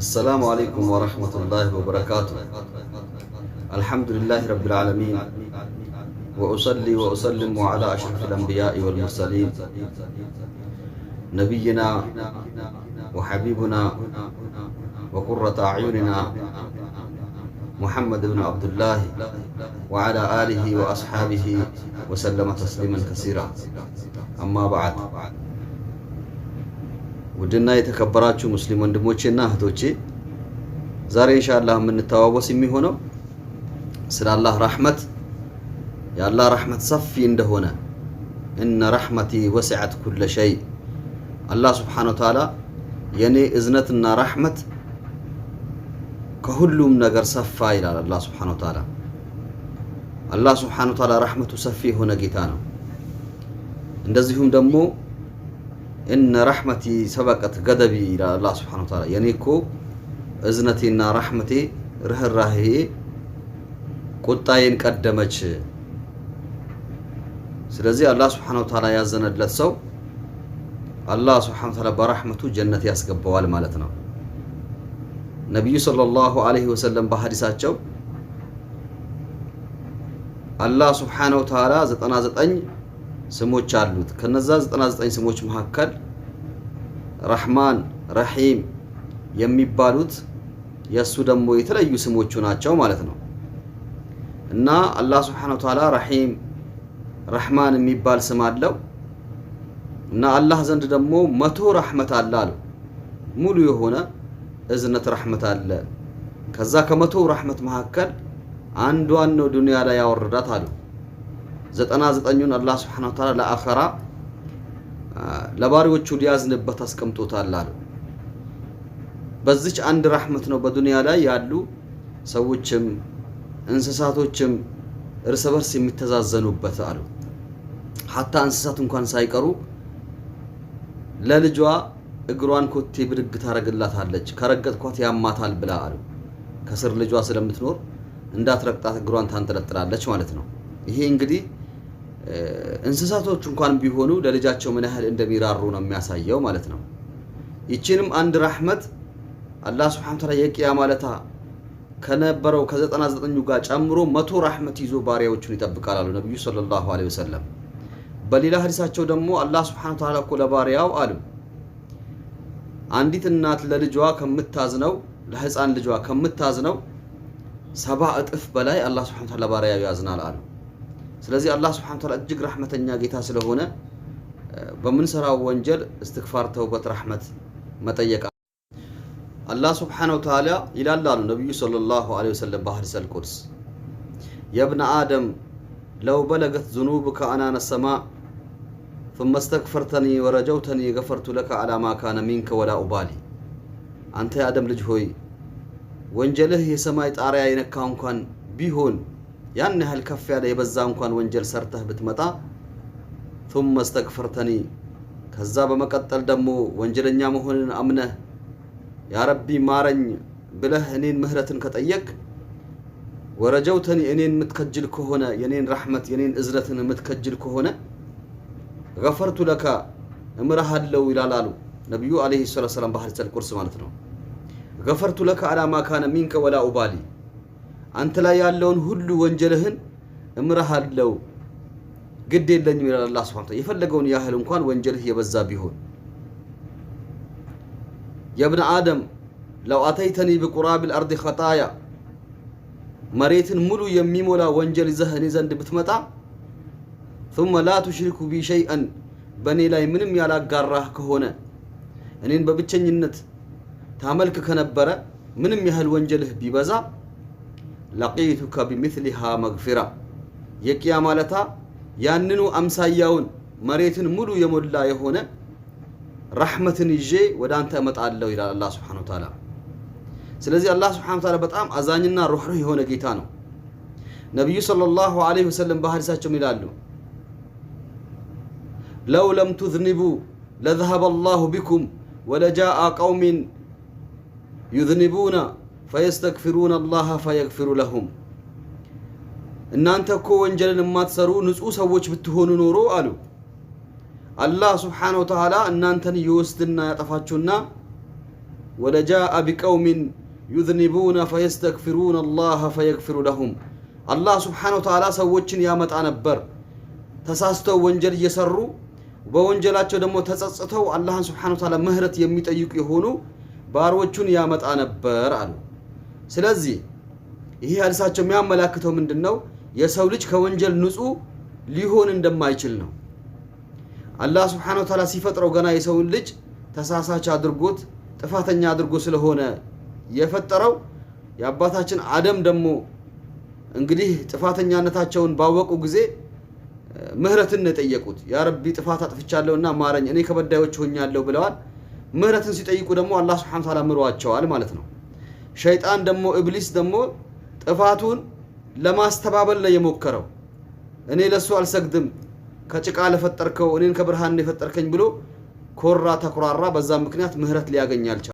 السلام عليكم ورحمة الله وبركاته الحمد لله رب العالمين وأصلي وأسلم على أشرف الأنبياء والمرسلين نبينا وحبيبنا وقرة أعيننا محمد بن عبد الله وعلى آله وأصحابه وسلم تسليما كثيرا أما بعد ውድና የተከበራችሁ ሙስሊም ወንድሞቼና እህቶቼ ዛሬ ኢንሻአላህ የምንተዋወስ የሚሆነው ስለ አላህ ረህመት የአላህ ረህመት ሰፊ እንደሆነ እነ ረህመቲ ወሲዐት ኩለ ሸይ አላህ ስብሓነሁ ወተዓላ የኔ እዝነትና ረህመት ከሁሉም ነገር ሰፋ ይላል አላህ ስብሓነሁ ወተዓላ። አላህ ስብሓነሁ ወተዓላ ረህመቱ ሰፊ የሆነ ጌታ ነው። እንደዚሁም ደግሞ እነ ረሕመቲ ሰበቀት ገደቢ ይላል አላህ ስብሐነ ወተዓላ። የኔ እኮ እዝነቴና ረሕመቴ ርህራሄ ቁጣዬን ቀደመች። ስለዚህ አላህ ስብሐነ ወተዓላ ያዘነለት ሰው አላህ ስብሐነ ወተዓላ በረሕመቱ ጀነት ያስገባዋል ማለት ነው። ነቢዩ ሰለላሁ ዐለይሂ ወሰለም በሐዲሳቸው አላህ ስብሐነ ወተዓላ 99 ስሞች አሉት። ከነዛ 99 ስሞች መካከል ረህማን፣ ረሂም የሚባሉት የእሱ ደግሞ የተለዩ ስሞቹ ናቸው ማለት ነው እና አላህ ስብሓነሁ ወተዓላ ረሂም፣ ረህማን የሚባል ስም አለው እና አላህ ዘንድ ደግሞ መቶ ረህመት አለ አሉ። ሙሉ የሆነ እዝነት ረህመት አለ። ከዛ ከመቶ ረህመት መካከል አንዷን ነው ዱንያ ላይ ያወረዳት አሉ። ዘጠና ዘጠኙን አላህ ሱብሓነሁ ወተዓላ ለአኸራ ለባሪዎቹ ሊያዝንበት አስቀምጦታል አሉ። በዚች አንድ ራህመት ነው በዱንያ ላይ ያሉ ሰዎችም እንስሳቶችም እርስ በርስ የሚተዛዘኑበት አሉ። ሀታ እንስሳት እንኳን ሳይቀሩ ለልጇ እግሯን ኮቴ ብድግ ታረግላታለች። ከረገጥኳት ያማታል ብላ አሉ ከስር ልጇ ስለምትኖር እንዳትረቅጣት እግሯን ታንጠለጥላለች ማለት ነው። ይሄ እንግዲህ እንስሳቶች እንኳን ቢሆኑ ለልጃቸው ምን ያህል እንደሚራሩ ነው የሚያሳየው ማለት ነው። ይቺንም አንድ ራህመት አላህ ስብሓነ ተዓላ የቅያ ማለታ ከነበረው ከዘጠና 99 ጋር ጨምሮ መቶ ራህመት ይዞ ባሪያዎቹን ይጠብቃል አሉ ነቢዩ ሰለላሁ ዐለይሂ ወሰለም። በሌላ ሀዲሳቸው ደግሞ አላህ ስብሓነ ተዓላ እኮ ለባሪያው አሉ አንዲት እናት ለልጇ ከምታዝነው ለህፃን ልጇ ከምታዝነው ሰባ እጥፍ በላይ አላህ ስብሓነ ተዓላ ለባሪያው ያዝናል አሉ። ስለዚህ አላህ ስብሐነሁ ወተዓላ እጅግ ረሕመተኛ ጌታ ስለሆነ በምንሰራው ወንጀል እስትክፋር፣ ተውበት፣ ረሕመት መጠየቅ አላህ ስብሐነሁ ወተዓላ ይላል አሉ ነቢዩ ሰለላሁ ዐለይሂ ወሰለም በሐዲሰል ቁድስ የብነ አደም ለው በለገት ዝኑብከ አናነ ሰማእ ثم استغفرتني ورجوتني غفرت لك على ما كان منك ولا ኡባሊ አንተ የአደም ልጅ ሆይ ወንጀልህ የሰማይ ጣሪያ የነካ እንኳን ቢሆን ያን ያህል ከፍ ያለ የበዛ እንኳን ወንጀል ሰርተህ ብትመጣ ቱም እስተግፈርተኒ ከዛ በመቀጠል ደግሞ ወንጀለኛ መሆንን አምነህ ያረቢ ማረኝ ብለህ እኔን ምህረትን ከጠየቅ ወረጀውተኒ እኔን የምትከጅል ከሆነ የኔን ራሕመት የኔን እዝነትን የምትከጅል ከሆነ ገፈርቱ ለካ እምርሃለው ይላላሉ ነቢዩ አለይሂ ሰላም በሐዲሰል ቁርሲ ማለት ነው። ገፈርቱ ለካ አላማ ካነ ሚንከ ወላ ኡባሊ አንተ ላይ ያለውን ሁሉ ወንጀልህን እምርሃለው ግድ የለኝም ይላል አላህ ሱብሓነሁ ወተዓላ። የፈለገውን ያህል እንኳን ወንጀልህ የበዛ ቢሆን የብነ አደም ለው አተይተኒ ብቁራቢል አርድ ኸጣያ መሬትን ሙሉ የሚሞላ ወንጀል ይዘህ እኔ ዘንድ ብትመጣ ثم لا تشرك بي شيئا በእኔ ላይ ምንም ያላጋራህ ከሆነ እኔን በብቸኝነት ታመልክ ከነበረ ምንም ያህል ወንጀልህ ቢበዛ ለቂቱከ ቢሚስሊሃ መግፊራ የቅያ ማለታ ያንኑ አምሳያውን መሬትን ሙሉ የሞላ የሆነ ራሕመትን ይዤ ወደ አንተ እመጣለሁ ይላል አላህ ስብሓነሁ ወተዓላ። ስለዚህ አላህ ስብሓነሁ ወተዓላ በጣም አዛኝና ሩህሩህ የሆነ ጌታ ነው። ነቢዩ ሰለላሁ ዐለይሂ ወሰለም በሐዲሳቸውም ይላሉ ለው ለም ቱዝኒቡ ለዘሀበ አላሁ ቢኩም ወለጃአ ቀውሚን ዩዝኒቡና ፈየስተግፊሩን አላህ ፈየግፊሩ ለሁም እናንተ እኮ ወንጀልን የማትሰሩ ንጹህ ሰዎች ብትሆኑ ኖሮ አሉ አላህ ስብሓነሁ ወተዓላ እናንተን ይወስድና ያጠፋችሁና ወደ ጃአ ቢቀውሚን ዩዝኒቡነ ፈየስተግፊሩን አላህ ፈየግፊሩ ለሁም አላህ ስብሓነሁ ወተዓላ ሰዎችን ያመጣ ነበር ተሳስተው ወንጀል እየሰሩ በወንጀላቸው ደግሞ ተጸጽተው አላህን ስብሓነሁ ወተዓላ ምህረት የሚጠይቁ የሆኑ ባሮቹን ያመጣ ነበር አሉ። ስለዚህ ይህ ሐዲሳቸው የሚያመላክተው ምንድን ነው? የሰው ልጅ ከወንጀል ንጹህ ሊሆን እንደማይችል ነው። አላህ ስብሓነሁ ወተዓላ ሲፈጥረው ገና የሰውን ልጅ ተሳሳች አድርጎት ጥፋተኛ አድርጎ ስለሆነ የፈጠረው የአባታችን አደም ደግሞ እንግዲህ ጥፋተኛነታቸውን ባወቁ ጊዜ ምህረትን ነው የጠየቁት። ያ ረቢ ጥፋት አጥፍቻለሁ እና ማረኝ፣ እኔ ከበዳዮች ሆኛለሁ ብለዋል። ምህረትን ሲጠይቁ ደግሞ አላህ ስብሓነሁ ወተዓላ ምሯቸዋል ማለት ነው። ሸይጣን ደግሞ እብሊስ ደግሞ ጥፋቱን ለማስተባበል ነው የሞከረው። እኔ ለሱ አልሰግድም ከጭቃ ለፈጠርከው እኔን ከብርሃን የፈጠርከኝ ብሎ ኮራ ተኩራራ። በዛ ምክንያት ምህረት ሊያገኝ አልቻለም።